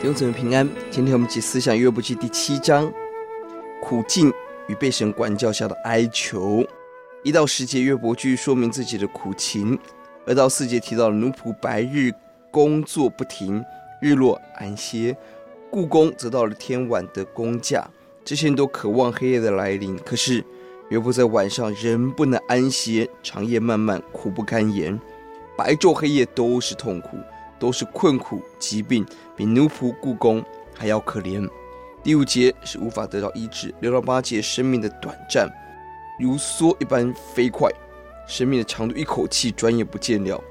弟兄姊妹平安，今天我們一起思想約伯記第七章，苦境與被神管教下的哀求。一到十節，約伯繼續說明自己的苦情；二到四節提到了奴僕白日工作不停，日落安歇；僱工則到了天晚的工價，這些人都渴望黑夜的來臨。可是約伯在晚上仍不能安歇，長夜漫漫，苦不堪言。白晝黑夜都是痛苦。都是困苦疾病，比奴僕雇工還要可憐。第五節是無法得到醫治。六到八節生命的短暫，如梭一般飛快，生命的長度一口氣轉眼不見了。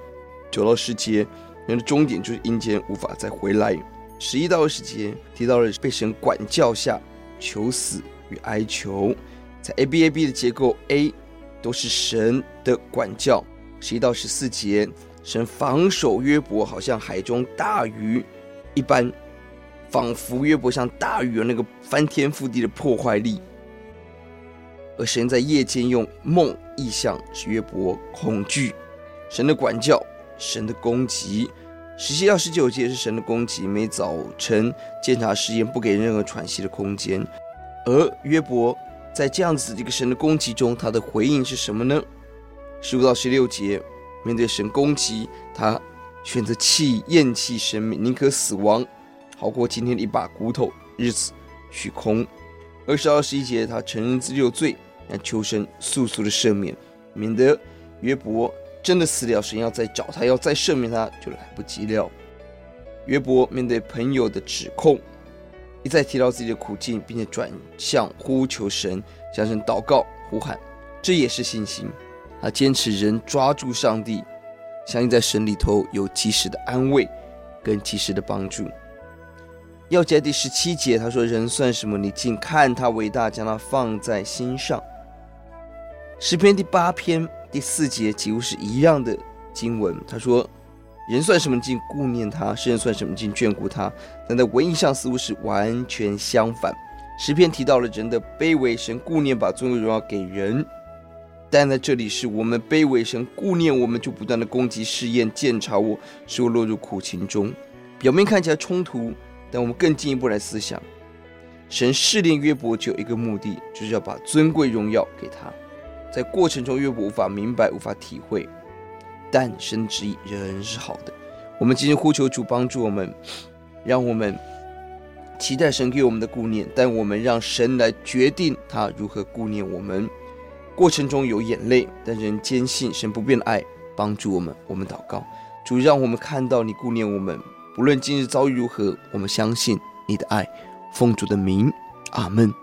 九到十節人的終點就是陰間，無法再回來。十一到二十節提到了被神管教下求死與哀求。在 A B A B 的結構，A 都是神的管教。十一到十四節。神防守約伯，好像海中大魚一般，仿佛約伯像大魚兒那個翻天覆地的破壞力。而神在夜間用夢異象使約伯恐懼，神的管教，神的攻擊。十七到十九節是神的攻擊，每早晨監察試驗，不給任何喘息的空間。而約伯在這樣子一個神的攻擊中，他的回應是什麼呢？十五到十六節。面對神攻擊，他選擇棄厭棄生命，寧可死亡，好過今天的一把骨頭日子虛空。二十、二十一節，他承認自己有罪，但求神速速的赦免，免得約伯真的死掉，神要再找他，要再赦免他就來不及了。約伯面對朋友的指控，一再提到自己的苦境，並且轉向呼求神，向神禱告呼喊，這也是信心。他堅持人抓住上帝，相信在神裡頭有及時的安慰，跟及時的幫助。鑰節第十七節，他說，人算什麼？你竟看他為大，將他放在心上。詩篇第八篇第四節，幾乎是一樣的經文。他說，人算什麼？竟顧念他；世人算什麼？竟眷顧他。但在文意上似乎是完全相反。詩篇提到了人的卑微，神顧念，把尊貴榮耀給人。但在這裡，是我們卑微神，神顧念我們，就不斷的攻擊、試驗、鑒察我，使我落入苦情中。表面看起來衝突，但我們更進一步來思想，神試煉約伯只有一個目的，就是要把尊貴榮耀給他。在過程中，約伯無法明白，無法體會。但神的旨意仍然是好的。我們今天呼求主幫助我們，讓我們期待神給我們的顧念，但我們讓神來決定他如何顧念我們。過程中有眼淚，但仍堅信神不變的愛，幫助我們。我們禱告，主讓我們看到你顧念我們，不論今日遭遇如何，我們相信你的愛，奉主的名，阿門。